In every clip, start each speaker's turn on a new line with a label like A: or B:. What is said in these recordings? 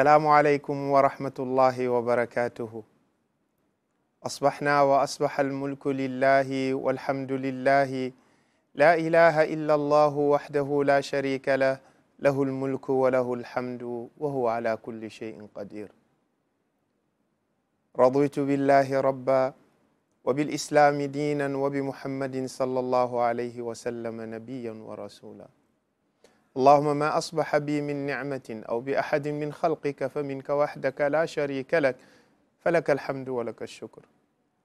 A: asalaamualeykum wa rahmatullahi wa barakatuhu asbaxnaa wa asbaxa almulku lillahi walhamdulillahi laa ilaha illa allahu waxdahu la sharika lah lahu almulku wa lahu alhamdu wa huwa ala kulli sheyin qadir raditu billahi rabba wa bilislami diinan wa bimuhammadin sallallahu alayhi wa sallama nabiyan wa rasula اللهم ما أصبح بي من نعمة أو بأحد من خلقك فمنك وحدك لا شريك لك falaka alhamdu walaka shukur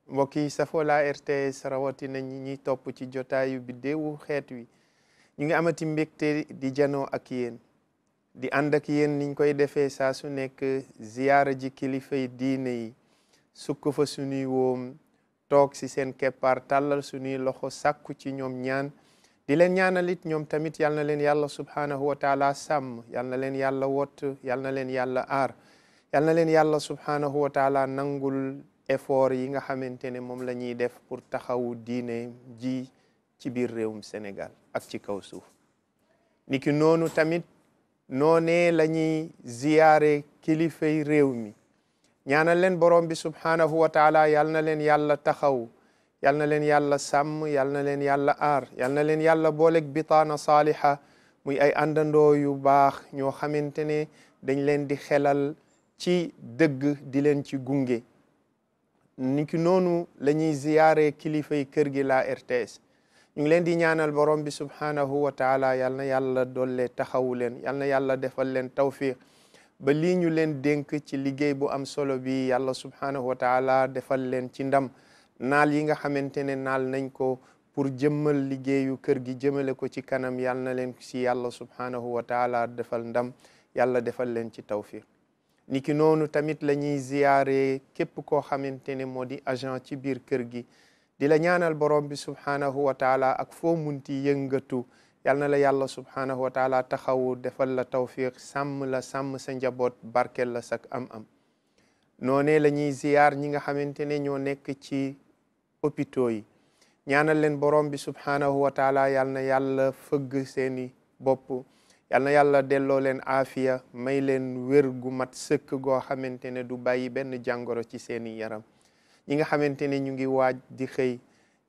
A: mbokk yi safoo laa RTS rawatina ñi ñuy topp ci jotaayu biddeewu xeet wi ñu ngi amati mbégte di janoo ak yéen di ànd ak yéen niñ koy defee saa su nekk ziyaara ji kilifay diine yi sukk fa suñuy woom toog si seen keppaar tàllal suñuy loxo sàkku ci ñoom ñaan di leen lit ñoom tamit yal na leen yàlla subhanahu wa taala sàmm yal na leen yàlla wott yal na leen yàlla aar yal na leen yàlla subhanahu wa nangul effort yi nga xamante ne moom la ñuy def pour taxawu diine ji ci biir réewum Sénégal ak ci kaw suuf niki noonu tamit noonee la ñuy ziyaare kilifay réew mi ñaanal leen borom bi subhanahu wa taala yal na leen yàlla taxaw yal na leen yàlla sàmm yal na leen yàlla aar yal na leen yàlla booleeg bitaana saaliha muy ay àndandoo yu baax ñoo xamante ne dañ leen di xelal ci dëgg di leen ci gunge niki noonu la ñuy ziyaare kilifay kër gi la RTS ñu ngi leen di ñaanal borom bi subhanahu wa taala yal na dolle taxawu leen yal yàlla defal leen tawfiq ba lii leen dénk ci liggéey bu am solo bi yàlla subhanahu wa defal leen ci ndam naal yi nga xamante ne naal nañ ko pour jëmmal liggéeyu kër gi jëmale ko ci kanam yàlla na leen si yàlla subhanahu wa taala defal ndam yàlla defal leen ci tawfiq niki noonu tamit la ñuy ziyaare képp koo xamante ne moo di agent ci biir kër gi di la ñaanal borom bi subhanahu wa ak foo munti yëngatu yal na la yàlla subhanahu wa taxawu defal la tawfiq sàmm la sàmm sa njaboot barkel la sak am-am noonee la ñuy ziyaar ñi nga xamante ne ñoo nekk ci hôpitaux yi ñaanal leen borom bi subhaanahu wa taala yal na yàlla fëgg seeni bopp yal na yàlla delloo leen aafiya may leen wér gu mat sëkk goo xamante ne du bàyyi benn jàngoro ci seeni yaram ñi nga xamante ne ñu ngi waaj di xëy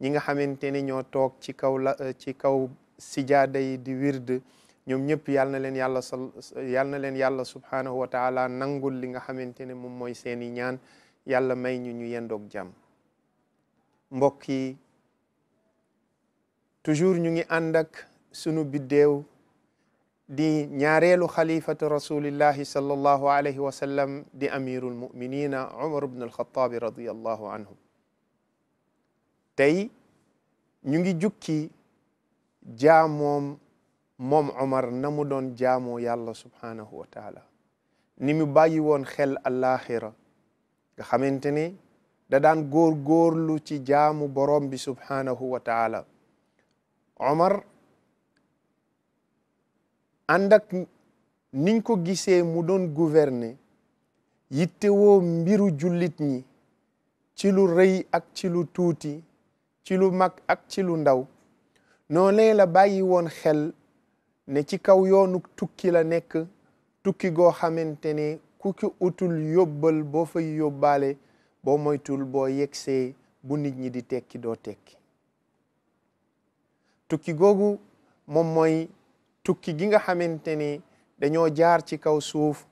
A: ñi nga xamante ne ñoo toog ci kaw ci kaw sijaada yi di wird ñoom ñëpp yal na leen yàlla sal yal na leen yàlla subhaanahu wa nangul li nga xamante ne moom mooy seeni ñaan yàlla may ñu ñu yendoog jàmm mbokk yi toujours ñu ngi ànd ak sunu biddeew di ñaareelu xalifatu rasulillahi sallallahu alayhi wa sallam di amirul muminina umar ibn alxataabi radiallahu anhu tey ñu ngi jukki jaamoom moom umar na mu doon jaamoo yàlla subhaanahu wa taala ni mu bàyyi woon xel alaxira nga xamante ne dadaan daan góorgóorlu ci jaamu borom bi subhaanahu omar ànd ak niñ ko gisee mu doon gouverner yittewoo mbiru jullit ñi ci lu rëy ak ci lu tuuti ci lu mag ak ci lu ndaw noone la bàyyi woon xel ne ci kaw yoonu tukki la nekk tukki goo xamante ne ku ki utul yóbbal boo fay yóbbaale bo moytul boo yegsee bu nit ñi di tekki doo tekki tukki googu moom mooy tukki gi nga xamante ni dañoo jaar ci kaw suuf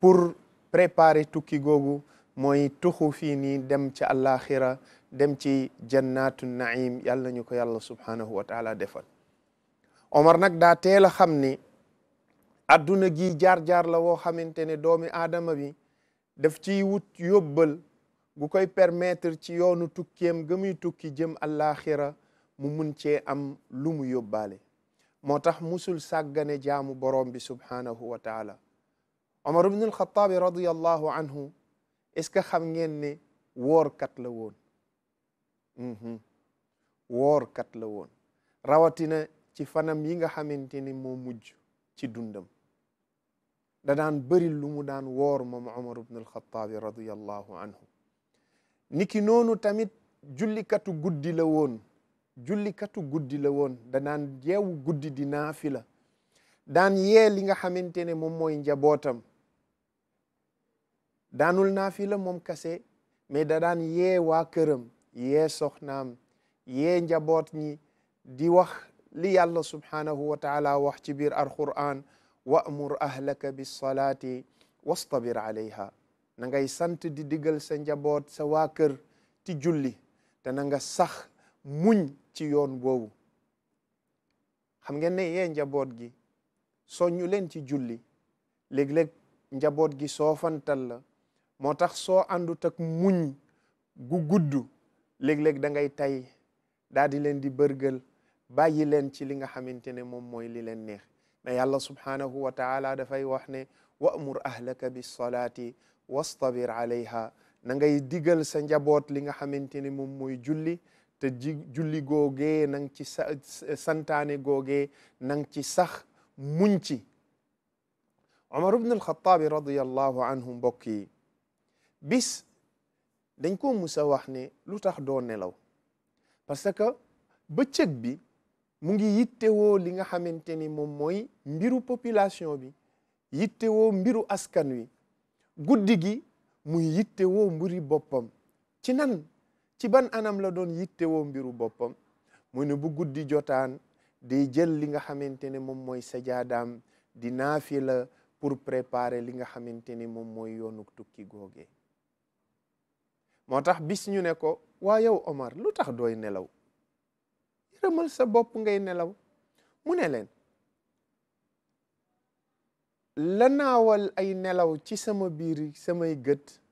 A: pour préparer tukki googu mooy tuxu fii nii dem ci àllaaxira dem ci jannatu naim yàlla ñu ko yàlla subhanahu wa taala defal Omar nag daa teel a xam ni adduna gi jaar-jaar la woo xamante ne doomi aadama bi daf ciy wut yóbbal gu koy permettre ci yoonu tukkeem ga muy tukki jëm àllaaxira mu mun cee am lu mu yóbbaale moo tax musul sàggane jaamu borom bi subhaanahu wa taala omar ibn alxataabi radiallahu anhu ce que xam ngeen ne woorkat la mhm. la woon rawatina ci fanam yi nga xamante ni moo mujj ci dundam da daan bëri lu mu daan woor moom omar ibn alxataabi radiallahu anhu niki noonu tamit jullikatu guddi guddi la woon danaan yeewu guddi di naafila daan yee li nga xamante ne moom mooy njabootam daanul naafila moom kase mais da daan yee waa këram yee soxnaam yee njaboot ñi di wax li yàlla subhanahu wa taala wax ci biir alquran wa'mur ahlaka bis salaati wastabir alayha nangay sant di diggal sa njaboot sa waa kër ci julli te na nga sax muñ ci yoon boobu xam ngeen ne yee njaboot gi soññu leen ci julli léeg-léeg njaboot gi soofantal la moo tax soo àndut ak muñ gu gudd léeg dangay da ngay tay daal leen di bërgël bàyyi leen ci li nga xamante ne moom mooy li leen neex mais yàlla subhanahu wa taala dafay wax ne wa'mur ahlaka bis salaati wastabir alayha na ngay digal sa njaboot li nga xamante ni moom mooy julli te ji julli googee nang ci santaane googee na ci sax muñ ci Omar ibn al-Khattabi radiyallahu anhu mbokk yi bis dañ ko musa wax ne lu tax doo nelaw parce que bëccëg bi mu ngi yittewoo li nga xamante ni moom mooy mbiru population bi yittewoo mbiru askan wi guddi gi muy yitte woo mbiri boppam ci ci ban anam la doon yitte woo mbiru boppam mu ne bu guddi jotaan day jël li nga xamante ne moom mooy sajaadaam di naafila pour préparer li nga xamante ne moom mooy yoonu tukki googe moo tax bis ñu ne ko waa yow Omar lu tax dooy nelaw yërëmal sa bopp ngay nelaw mu ne leen la naawal ay nelaw ci sama biir samay gët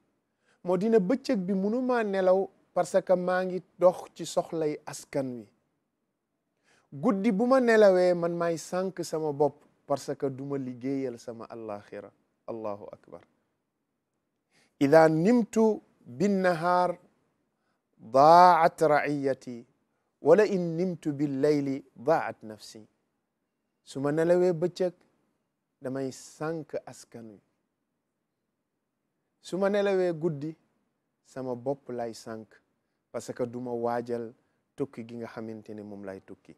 A: moo dina bëccëg bi mënumaa nelaw parce que maa ngi dox ci soxlay askan wi guddi bu ma nelawee man may sànk sama bopp parce que du ma liggéeyal sama allaxira allahu akbar ida nimtu binnahaar daat raiyati wala in nimtu billayli daat nafsi su ma nelawee bëccëg damay sànk askan wi su ma nelawee guddi sama bopp lay sànk parce que duma waajal tukki gi nga xamante ne moom lay tukki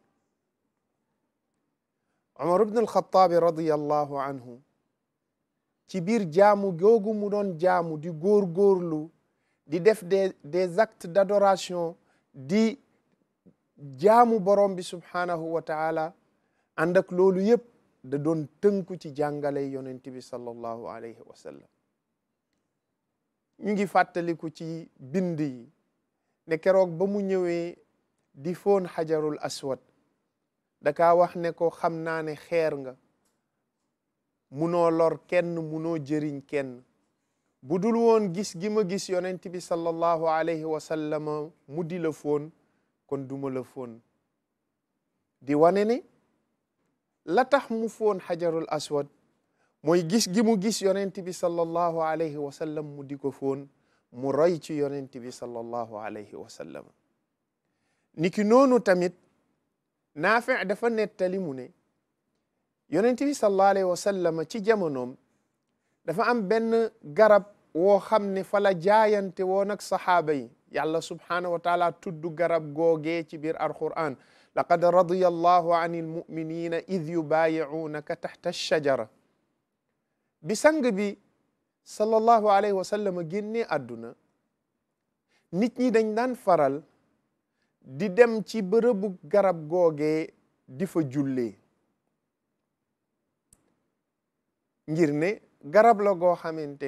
A: Umar ibn ci biir jaamu googu mu doon jaamu di góorgóorlu di def de des actes d'adoration di jaamu borom bi subhanahu wa taala ànd ak loolu yëpp da doon tënku ci jàngale yonent bi sallallahu alayhi wa sallam ñu ngi fàttaliku ci bind yi ne keroog ba mu ñëwee di foon xajarul aswad dakaa wax ne ko xam naa ne xeer nga munoo lor kenn munoo jëriñ kenn bu dul woon gis gima gis yonent bi sallallahu alayhi wa sallam mu di la foon kon duma la foon di wane ne la tax mu foon xajarul aswad mooy gis gi gis yonent bi alayhi wa mu di ko foon mu roy ci yonent bi sallallahu alayhi wa sallam niki noonu tamit naafi dafa nettali mu ne yonent bi sallallahu alayhi wa ci jamonoom dafa am benn garab woo xam ne fala jaayante woon ak saxaaba yi yàlla subhaanahu wa taala garab googee ci biir alquran laqad radiya allahu an almuminina id yubaayicuunaka taxta alshajara bi sang bi sallallahu alayhi wa sallam génnee àdduna nit ñi dañ daan faral di dem ci bërëbu garab googee di fa jullee ngir ne garab la goo xamante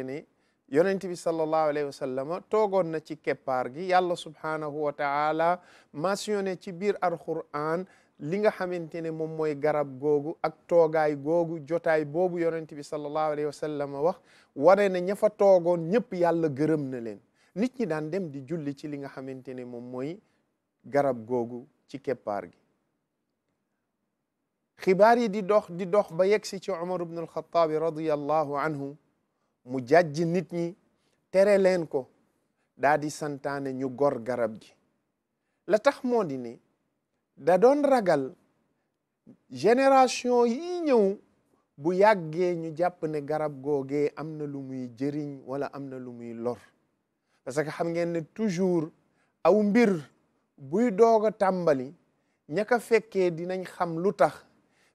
A: yonent bi sallallahu alayhi wa toogoon na ci keppaar gi yàlla subhaanahu wa taala mentionné ci biir alquran li nga xamante ne moom mooy garab googu ak toogaay googu jotaay boobu yonent bi sallallahu alayhi wa sallam wax wane ne ña fa toogoon ñëpp yàlla gërëm na leen nit ñi daan dem di julli ci li nga xamante ne moom mooy garab googu ci keppaar gi xibaar yi di dox di dox ba yegsi ci Umar ibn al-Khattabi anhu mu jàjji nit ñi tere leen ko daa di santaane ñu gor garab gi la tax moo di ne da doon ragal génération yi ñëw bu yàggee ñu jàpp ne garab googee am na lu muy jëriñ wala am na lu muy lor parce que xam ngeen ne toujours aw mbir buy doog a tàmbali ña ka dinañ xam lu tax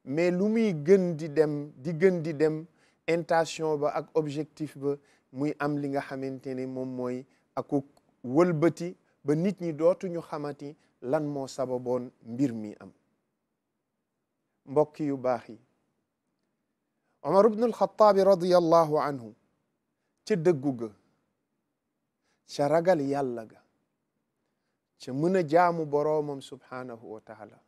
A: mais lu muy gën dem di gën di dem intention ba ak objectif ba muy am li nga xamante ne moom mooy aku wëlbati ba nit ñi dootuñu xamati lan moo sababoon mbir mi am mbokk yu baax yi omar ibn alxataabi radiallahu anhu ca dëggu ga ca ragal yàlla ga ca mën a jaamu boroomam subhaanahu wa taala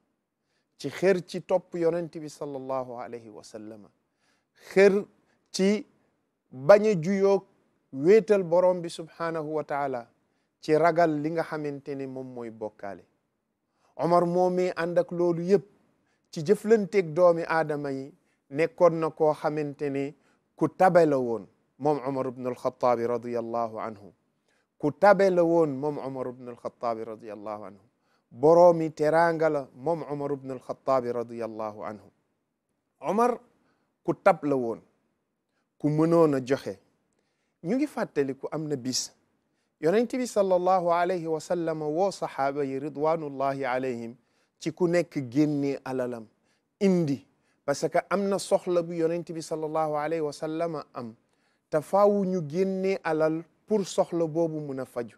A: ci xër ci topp yonent bi sallallahu alayhi wa sallama ci bañ a juyoog wéetal borom bi subhaanahu wa taala ci ragal li nga xamante ne moom mooy bokkaale Omar moomee ànd loolu yëpp ci jëflanteeg doomi aadama yi nekkoon na koo xamante ne ku tabe la woon moom Omar ibn al-Khattabi radiyallahu anhu ku tabe la woon moom Omar ibn al-Khattabi anhu boroomi teraanga moom Omar ibn al-Khattabi anhu Omar ku tab la woon ku mënoon a joxe ñu ngi fàttaliku am na bis yonent bi sallallahu alayhi wa sallam woo saxaaba yi ridwanullahi alayhim ci ku nekk génnee alalam indi parce que am na soxla bu yonent bi sallallahu alayhi wa sallam am te faawu ñu génnee alal pour soxla boobu mun a faju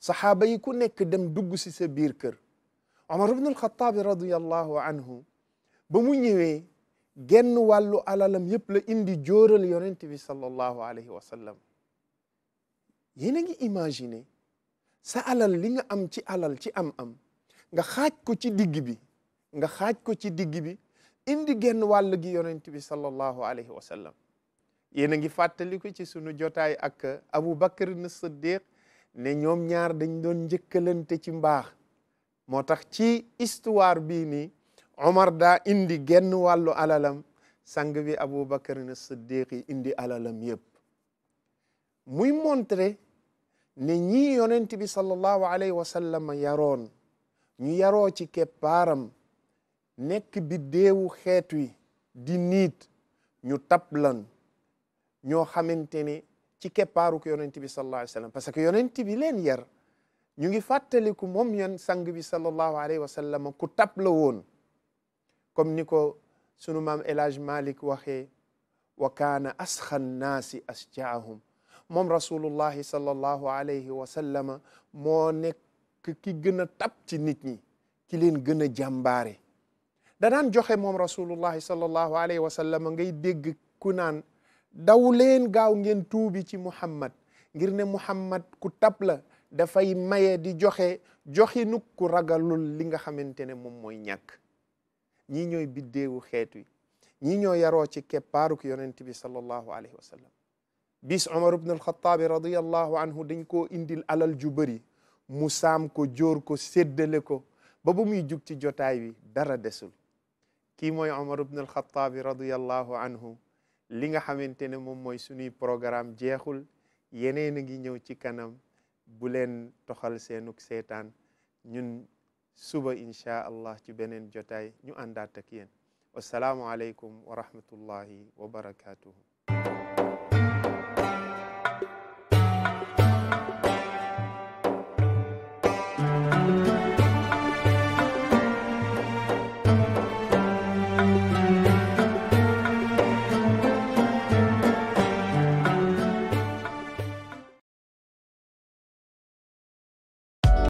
A: saxaaba yi ku nekk dem dugg si sa biir kër Omar ibn al-Khattab radiyallahu anhu ba mu ñëwee genn wàllu alalam yépp la indi jóoral yonent bi sallallahu alayhi wa sallam yéen ngi imaginer sa alal li nga am ci alal ci am-am nga xaaj ko ci digg bi nga xaaj ko ci digg bi indi genn wàll gi yonent bi sallallahu alayhi wa sallam yéen a ngi fàttaliku ci sunu jotaay ak Abu Bakr na Siddiq ne ñoom ñaar dañ doon njëkkalante ci mbaax moo tax ci istuwar bii nii Omar da indi genn wàllu alalam sang bi Aboubacar ne Siddiq indi alalam yëpp muy montré ne ñii yonent bi sallallahu alayhi wa sallam yaroon ñu yaroo ci keppaaram nekk bi deewu xeet wi di niit ñu tablan ñoo xamante ne ci keppaaru ko yonent bi sallallahu alayhi wa sallam parce que yonent bi yar ñu ngi fàttaliku moom yan sang bi sallallahu alayhi wa sallam ku tab la woon comme ni ko sunu maam El Hadj Malick waxee wa kaana asxa nnaasi asjaahum moom rasulullahi sallallahu alayhi wa sallama moo nekk ki gën a tab ci nit ñi ki leen gën a jàmbaare danaan joxe moom rasulullahi sallallahu alayhi wa sallama ngay dégg ku naan daw leen gaaw ngeen tuubi ci muhammad ngir ne muhammad ku tab la dafay maye di joxe joxinuk ku ragalul li nga xamante ne moom mooy ñàkk ñii ñooy biddeewu xeet wi ñii ñoo yaroo ci keppaaruk yonent bi sallallahu alayhi wa sallam bis omar ibn dañ koo indil alal ju bëri mu saam ko jóor ko séddale ko ba ba muy jug ci jotaay bi dara desul kii mooy omar ibn alxataabi radiallahu anhu li nga xamante ne moom mooy suñuy programme jeexul yeneen a ngi ñëw ci kanam bu leen toxal seenuk seetaan suba incha allah ci beneen jotaay ñu àndaat ak yéen wasalaamualeykum wa rahmatullahi wa barakaatuhu